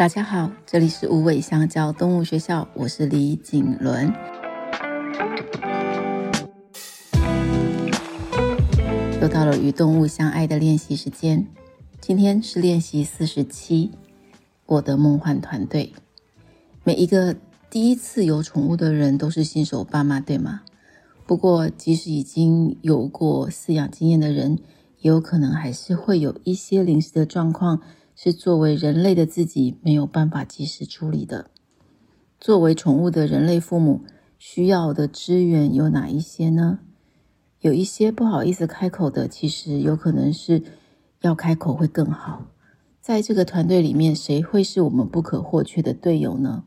大家好，這裡是無尾香蕉動物學校，我是李瑾倫。又到了與動物相愛的練習時間，今天是練習四十七，我的夢幻團隊。每一個第一次有寵物的人都是新手爸媽，對嗎？不過，即使已經有過飼養經驗的人，也有可能還是會有一些臨時的狀況。是作為人類的自己沒有辦法及時處理的。作為寵物的人類父母，需要的支援有哪一些呢？有一些不好意思開口的，其實有可能是要開口會更好。在這個團隊裡面，誰會是我們不可或缺的隊友呢？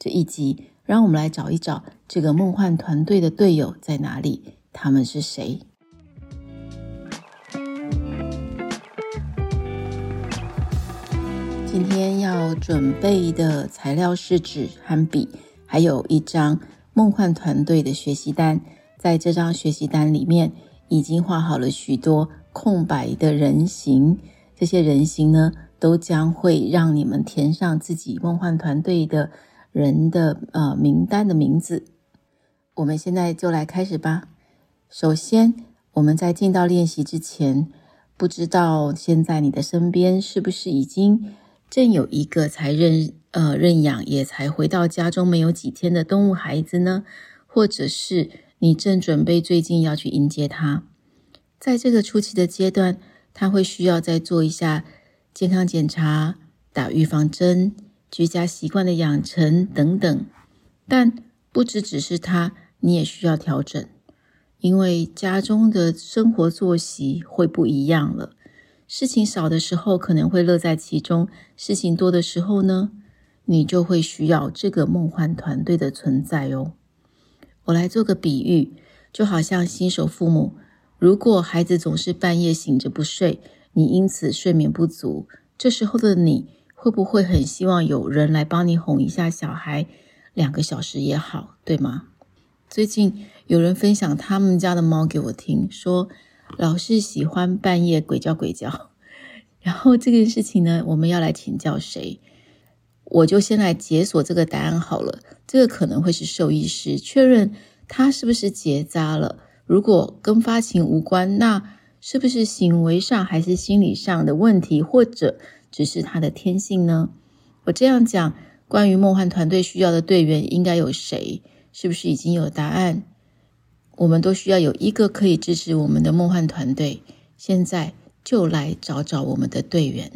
這一集，讓我們來找一找這個夢幻團隊的隊友在哪裡，他們是誰？今天要準備的材料是紙和筆，還有一張夢幻團隊的學習單。在這張學習單裡面，已經畫好了許多空白的人形。這些人形呢，都將會讓你們填上自己夢幻團隊的人的，呃，名單的名字。我們現在就來開始吧。首先，我們在進到練習之前，不知道現在你的身邊是不是已經。正有一個才認呃、認養也才回到家中沒有幾天的動物孩子呢，或者是你正準備最近要去迎接他。在這個初期的階段，他會需要再做一下健康檢查、打預防針、居家習慣的養成等等。但不只只是他，你也需要調整，因為家中的生活作息會不一樣了。事情少的時候可能會樂在其中，事情多的時候呢，你就會需要這個夢幻團隊的存在哦。我來做個比喻，就好像新手父母，如果孩子總是半夜醒着不睡，你因此睡眠不足，這時候的你會不會很希望有人來幫你哄一下小孩，兩個小時也好，對嗎？最近有人分享他們家的貓給我聽，聽說。老是喜歡半夜鬼叫鬼叫，然後這件事情呢，我們要來請教誰？我就先來解鎖這個答案好了。這個可能會是獸醫師確認他是不是結紮了。如果跟發情無關，那是不是行為上還是心理上的問題，或者只是他的天性呢？我這樣講，關於夢幻團隊需要的隊員應該有誰？是不是已經有答案？我們都需要有一個可以支持我們的夢幻團隊。現在就來找找我們的隊員。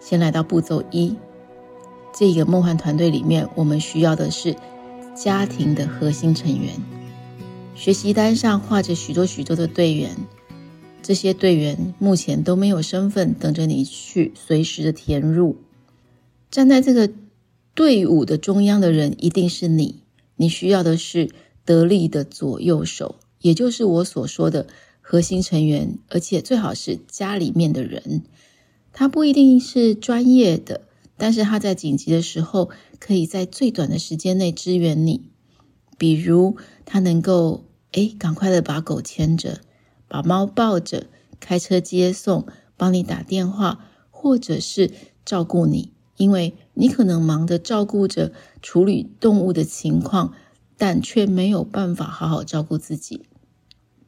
先來到步驟一，這一個夢幻團隊裡面，我們需要的是家庭的核心成員。學習單上畫着許多許多的隊員，這些隊員目前都沒有身份，等着你去隨時的填入。站在這個。隊伍的中央的人一定是你，你需要的是得力的左右手，也就是我所說的核心成員，而且最好是家裡面的人。他不一定是專業的，但是他在緊急的時候，可以在最短的時間內支援你。比如他能夠，哎，趕快的把狗牽着，把貓抱着，開車接送，幫你打電話，或者是照顧你。因為你可能忙着照顧着處理動物的情況，但卻沒有辦法好好照顧自己。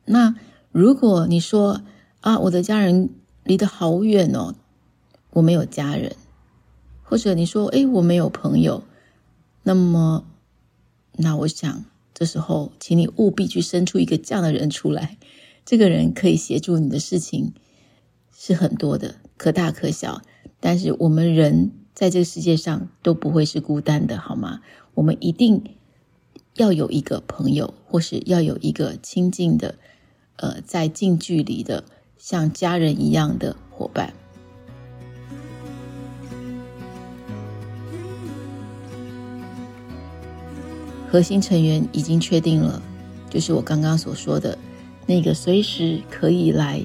那如果你說啊，我的家人離得好遠哦，我沒有家人，或者你說哎，我沒有朋友，那麼，那我想這時候，請你務必去生出一個這樣的人出來。這個人可以協助你的事情是很多的，可大可小，但是我們人。在這個世界上都不會是孤單的，好嗎？我們一定要有一個朋友，或是要有一個親近的，呃，在近距離的像家人一樣的夥伴。核心成員已經確定了，就是我剛剛所說的那個隨時可以來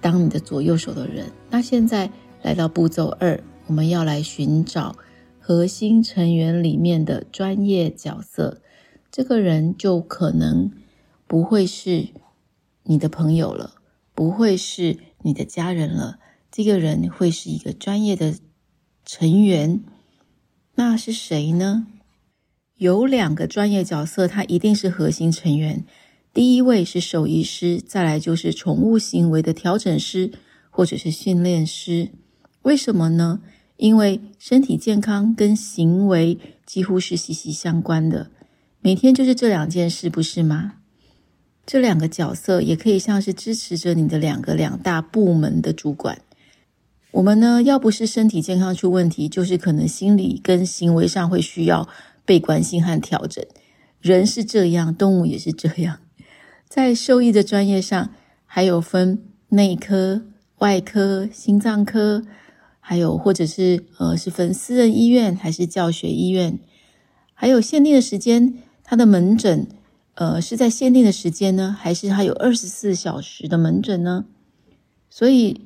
當你的左右手的人。那現在來到步驟二。我們要來尋找核心成員裡面的專業角色，這個人就可能不會是你的朋友了，不會是你的家人了。這個人會是一個專業的成員，那是誰呢？有兩個專業角色，他一定是核心成員。第一位是獸醫師，再來就是寵物行為的調整師或者是訓練師。為什麼呢？因為身體健康跟行為幾乎是息息相關的，每天就是這兩件事，不是嗎？這兩個角色也可以像是支持着你的兩個兩大部門的主管。我們呢，要不是身體健康出問題，就是可能心理跟行為上會需要被關心和調整。人是這樣，動物也是這樣。在獸醫的專業上，還有分內科、外科、心臟科。還有，或者是呃，是分私人醫院還是教學醫院？還有限定的時間，他的門診呃是在限定的時間呢，還是他有二十四小時的門診呢？所以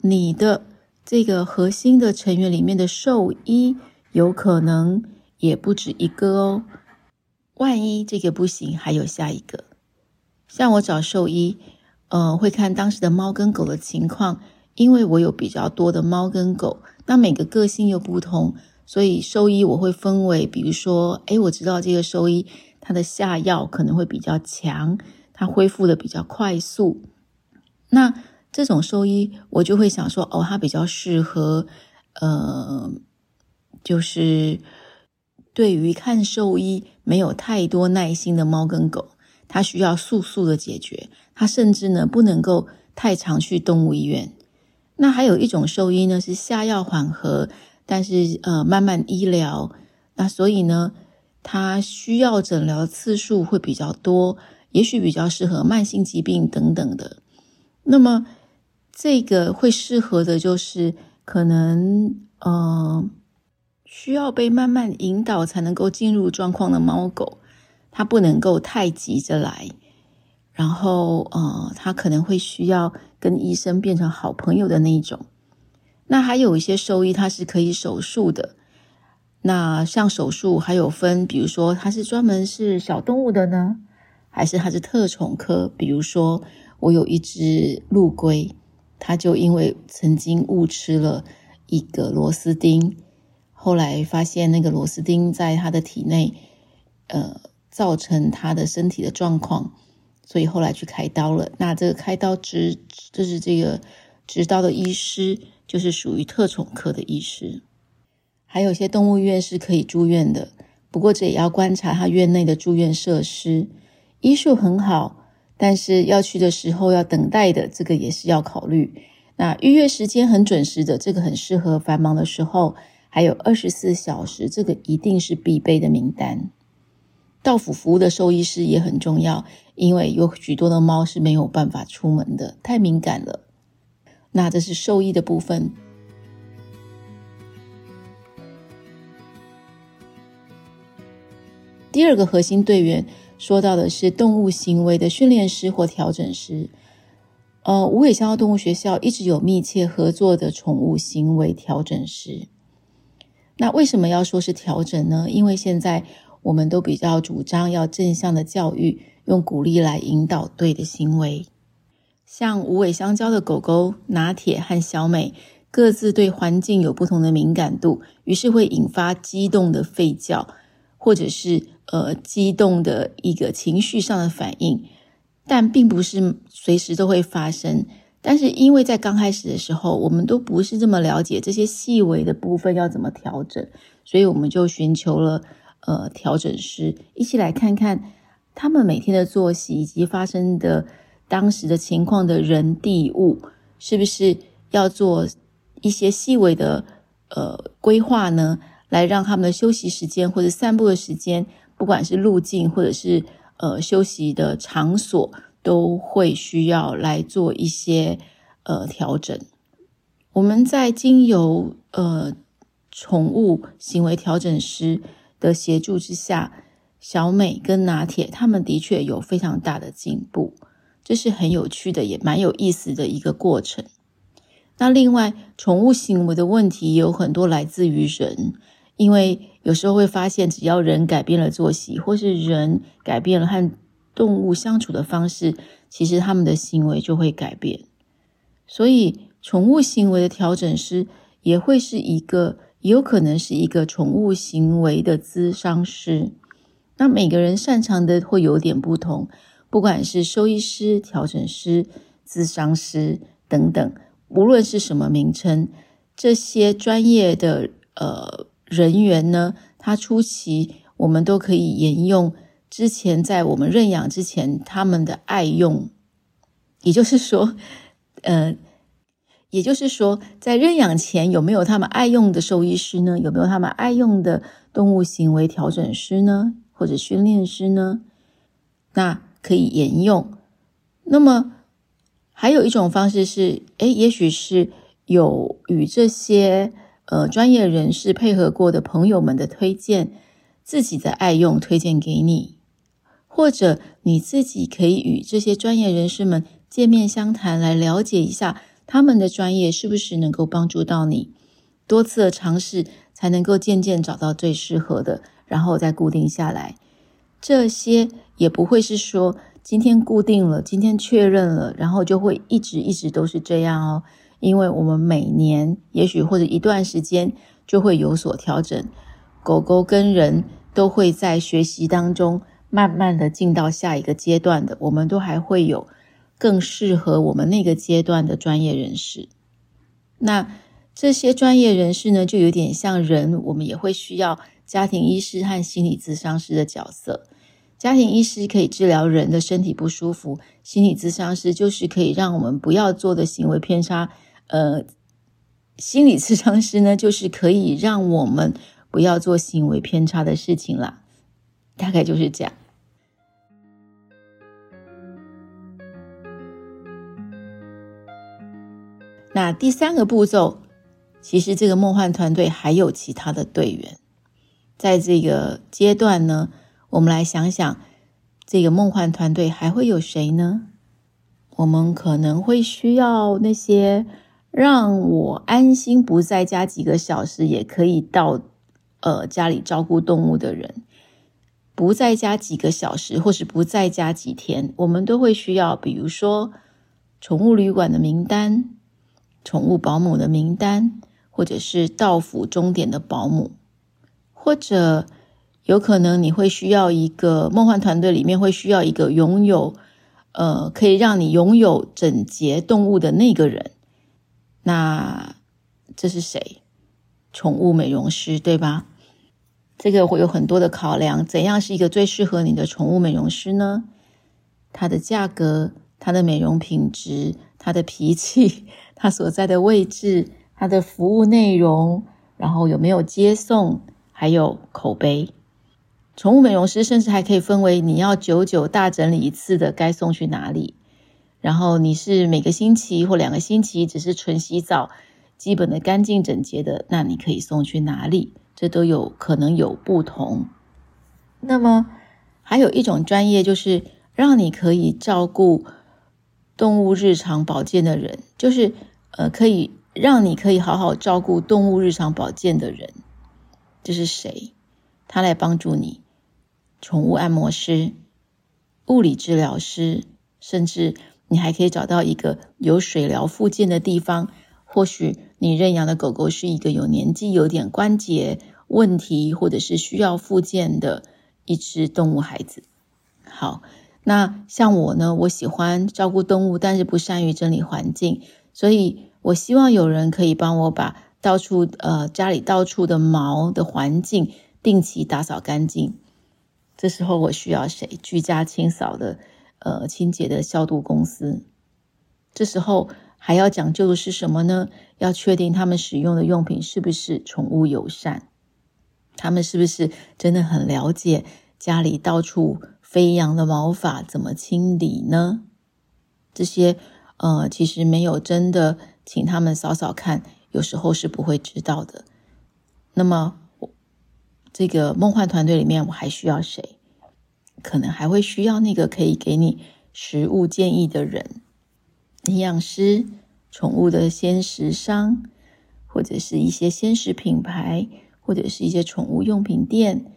你的這個核心的成員裡面的獸醫有可能也不止一個哦。萬一這個不行，還有下一個。像我找獸醫，呃，會看當時的貓跟狗的情況。因為我有比較多的貓跟狗，那每個個性又不同，所以獸醫我會分為，比如說，誒，我知道這個獸醫，它的下藥可能會比較強，它恢復的比較快速，那這種獸醫我就會想說，哦，它比較適合，呃，就是對於看獸醫沒有太多耐心的貓跟狗，它需要速速的解決，它甚至呢不能夠太常去動物醫院。那還有一種獸醫呢，是下藥緩和，但是呃慢慢醫療。那所以呢，它需要診療次數會比較多，也許比較適合慢性疾病等等的。那麼這個會適合的就是可能呃需要被慢慢引導才能夠進入狀況的貓狗，它不能夠太急着來，然後呃它可能會需要跟醫生變成好朋友的那一種，那還有一些獸醫，他是可以手術的。那像手術還有分，比如說他是專門是小動物的呢，還是他是特寵科？比如說我有一隻陸龜，它就因為曾經誤吃了一個螺絲釘，後來發現那個螺絲釘在它的體內，呃，造成它的身體的狀況。所以後來去開刀了。那這個開刀執，就是這個執刀的醫師，就是屬於特寵科的醫師。還有些動物醫院是可以住院的，不過這也要觀察他院內的住院設施，醫術很好，但是要去的時候要等待的，這個也是要考慮。那預約時間很準時的，這個很適合繁忙的時候。還有二十四小時，這個一定是必備的名單。到府服務的獸醫師也很重要，因為有許多的貓是沒有辦法出門的，太敏感了。那這是獸醫的部分。第二個核心隊員說到的是動物行為的訓練師或調整師。呃，無尾香蕉動物學校一直有密切合作的寵物行為調整師。那為什麼要說是調整呢？因為現在。我們都比較主張要正向的教育，用鼓勵來引導對的行為。像無尾香蕉的狗狗拿鐵和小美，各自對環境有不同的敏感度，於是會引發激動的吠叫，或者是呃激動的一個情緒上的反應，但並不是隨時都會發生。但是因為在剛開始的時候，我們都不是這麼了解這些細微的部分要怎麼調整，所以我們就尋求了。呃，調整師一起來看看他們每天的作息以及發生的當時的情況的人、地、物，是不是要做一些細微的呃規劃呢？來讓他們的休息時間或者散步的時間，不管是路徑或者是呃休息的場所，都會需要來做一些呃調整。我們在經由呃寵物行為調整師。的協助之下，小美跟拿鐵他們的確有非常大的進步，這是很有趣的、的也蠻有意思的一個過程。那另外，寵物行為的問題也有很多來自於人，因為有時候會發現，只要人改變了作息，或是人改變了和動物相處的方式，其實他們的行為就會改變。所以，寵物行為的調整師也會是一個。也有可能是一個寵物行為的諮商師，那每個人擅長的會有點不同，不管是獸醫師、調整師、諮商師等等，無論是什麼名稱，這些專業的呃人員呢，他初期我們都可以沿用之前在我們認養之前他們的愛用，也就是說，呃……也就是說，在認養前有沒有他們愛用的獸醫師呢？有沒有他們愛用的動物行為調整師呢？或者訓練師呢？那可以沿用。那麼還有一種方式是，誒，也許是有與這些呃專業人士配合過的朋友們的推薦，自己的愛用推薦給你，或者你自己可以與這些專業人士們見面相談，來了解一下。他們的專業是不是能夠幫助到你？多次的嘗試才能夠漸漸找到最適合的，然後再固定下來。這些也不會是說今天固定了，今天確認了，然後就會一直一直都是這樣哦。因為我們每年，也許或者一段時間就會有所調整。狗狗跟人都會在學習當中，慢慢的進到下一個階段的，我們都還會有。更適合我們那個階段的專業人士。那這些專業人士呢，就有點像人，我們也會需要家庭醫師和心理諮商師的角色。家庭醫師可以治療人的身體不舒服，心理諮商師就是可以讓我們不要做的行為偏差。呃，心理諮商師呢，就是可以讓我們不要做行為偏差的事情啦，大概就是這樣。那第三個步驟，其實這個夢幻團隊還有其他的隊員。在這個階段呢，我們來想想，這個夢幻團隊還會有誰呢？我們可能會需要那些讓我安心不在家幾個小時也可以到，呃，家裡照顧動物的人，不在家幾個小時，或是不在家幾天，我們都會需要。比如說，寵物旅館的名單。寵物保姆的名單，或者是到府鐘點的保姆，或者有可能你會需要一個夢幻團隊裡面會需要一個擁有呃，可以讓你擁有整潔動物的那個人。那這是誰？寵物美容師對吧？這個會有很多的考量，怎樣是一個最適合你的寵物美容師呢？他的價格，他的美容品質，他的脾氣。它所在的位置，它的服務內容，然後有沒有接送，還有口碑。寵物美容師甚至還可以分為：你要久久大整理一次的，該送去哪裡？然後你是每個星期或兩個星期只是純洗澡，基本的乾淨整潔的，那你可以送去哪裡？這都有可能有不同。那麼還有一種專業就是讓你可以照顧動物日常保健的人，就是呃，可以讓你可以好好照顧動物日常保健的人，這、就是誰？他來幫助你。寵物按摩師、物理治療師，甚至你還可以找到一個有水療復健的地方。或許你認養的狗狗是一個有年紀、有點關節問題，或者是需要復健的一只動物孩子。好。那像我呢，我喜歡照顧動物，但是不善於整理環境，所以我希望有人可以幫我把到處呃家裡到處的毛的環境定期打掃乾淨。這時候我需要誰？居家清掃的呃清潔的消毒公司。這時候還要講究的是什麼呢？要確定他們使用的用品是不是寵物友善，他們是不是真的很了解家裡到處。飛揚的毛髮怎麼清理呢？這些呃，其實沒有真的請他們掃掃看，有時候是不會知道的。那麼，這個夢幻團隊裡面，我還需要誰？可能還會需要那個可以給你食物建議的人，營養師、寵物的鮮食商，或者是一些鮮食品牌，或者是一些寵物用品店，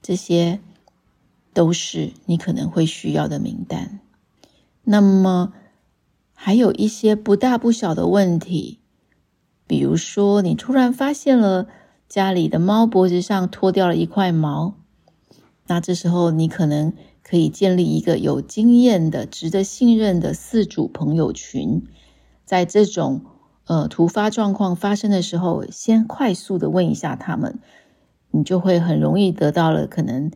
這些。都是你可能會需要的名單。那麼，還有一些不大不小的問題，比如說你突然發現了家裡的貓脖子上脫掉了一塊毛，那這時候你可能可以建立一個有經驗的、值得信任的飼主朋友群，在這種呃突發狀況發生的時候，先快速的問一下他們，你就會很容易得到了可能，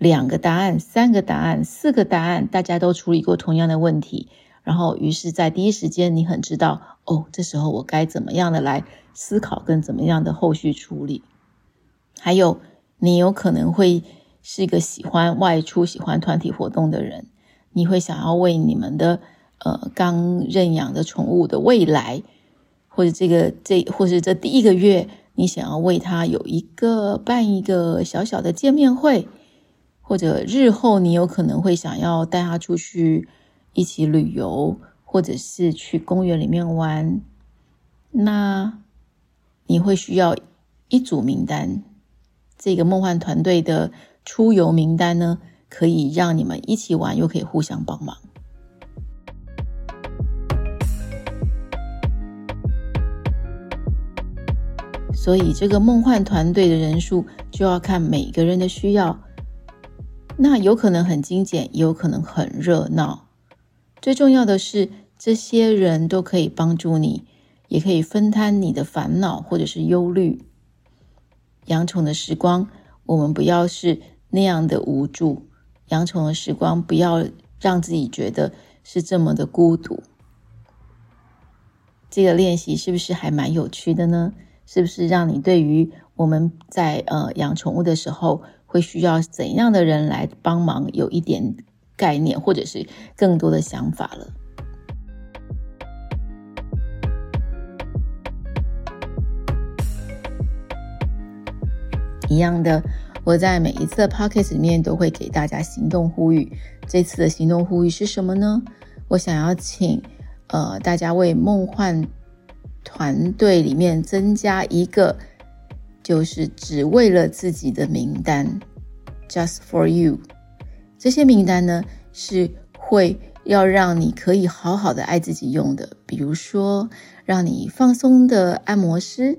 兩個答案，三個答案，四個答案，大家都處理過同樣的問題，然後於是在第一時間，你很知道哦，這時候我該怎麼樣的來思考，跟怎麼樣的後續處理。還有，你有可能會是一個喜歡外出、喜歡團體活動的人，你會想要為你們的呃剛認養的寵物的未來，或者這個這，或者這第一個月，你想要為它有一個辦一個小小的見面會。或者日後你有可能會想要帶他出去一起旅遊，或者是去公園裡面玩，那你會需要一組名單。這個夢幻團隊的出遊名單呢，可以讓你們一起玩，又可以互相幫忙。所以，這個夢幻團隊的人數就要看每個人的需要。那有可能很精簡，也有可能很熱鬧。最重要的是，這些人都可以幫助你，也可以分攤你的煩惱或者是憂慮。養寵的時光，我們不要是那樣的無助；養寵的時光，不要讓自己覺得是這麼的孤獨。這個練習是不是還蠻有趣的呢？是不是讓你對於我們在呃養寵物的時候，會需要怎樣的人來幫忙？有一點概念，或者是更多的想法了。一樣的，我在每一次的 Podcast 裡面都會給大家行動呼籲。這次的行動呼籲是什麼呢？我想要請呃大家為夢幻團隊裡面增加一個。就是只為了自己的名單，just for you。這些名單呢，是會要讓你可以好好的愛自己用的，比如說讓你放鬆的按摩師，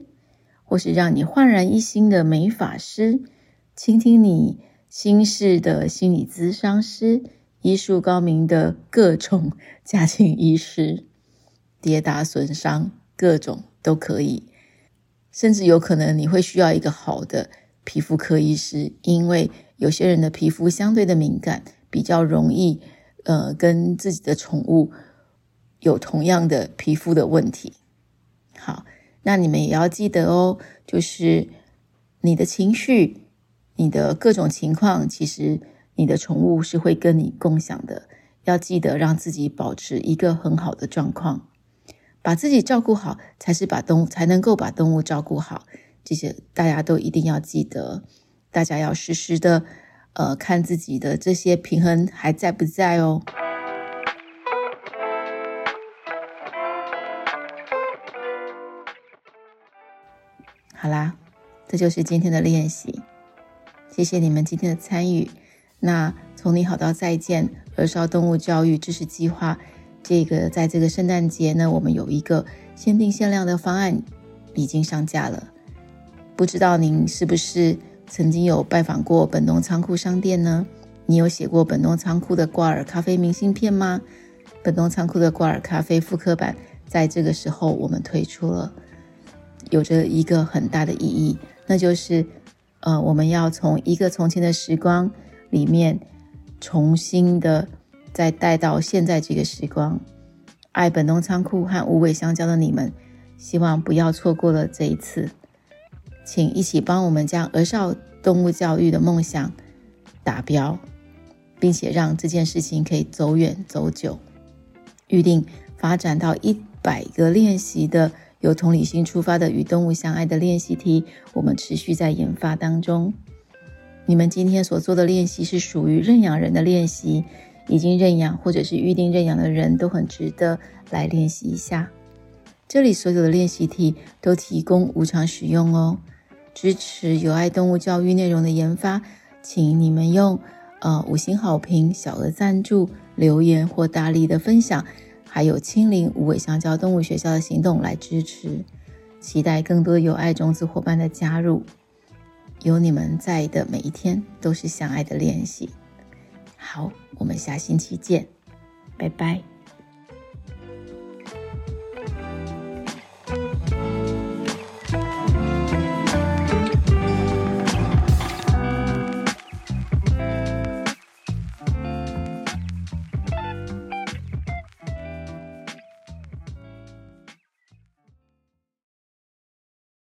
或是讓你煥然一新的美髮師，傾聽你心事的心理諮商師，醫術高明的各種家庭醫師，跌打損傷，各種都可以。甚至有可能你會需要一個好的皮膚科醫師，因為有些人的皮膚相對的敏感，比較容易，呃，跟自己的寵物有同樣的皮膚的問題。好，那你們也要記得哦，就是你的情緒，你的各種情況，其實你的寵物是會跟你共享的，要記得讓自己保持一個很好的狀況。把自己照顧好，才是把動物才能夠把動物照顧好。這些大家都一定要記得，大家要時時的，呃，看自己的這些平衡還在不在哦。好啦，這就是今天的練習，謝謝你們今天的參與。那從你好到再見，兒少動物教育支持計畫。這個在這個聖誕節呢，我們有一個限定限量的方案，已經上架了。不知道您是不是曾經有拜訪過本東倉庫商店呢？你有寫過本東倉庫的掛耳咖啡明信片嗎？本東倉庫的掛耳咖啡複刻版，在這個時候我們推出了，有着一個很大的意義，那就是，呃，我們要從一個從前的時光裡面重新的。再帶到現在這個時光，愛本農倉庫和無尾香蕉的你們，希望不要錯過了這一次，請一起幫我們將兒少動物教育的夢想達標，並且讓這件事情可以走遠走久。預定發展到一百個練習的由同理心出發的與動物相愛的練習題，我們持續在研發當中。你們今天所做的練習是屬於認養人的練習。已經認養或者是預定認養的人都很值得來練習一下。這裡所有的練習題都提供無償使用哦，支持友愛動物教育內容的研發，請你們用呃五星好評、小額贊助、留言或大力的分享，還有親臨無尾香蕉動物學校的行動來支持。期待更多友愛種子夥伴的加入，有你們在的每一天都是相愛的練習。好，我們下星期見，拜拜。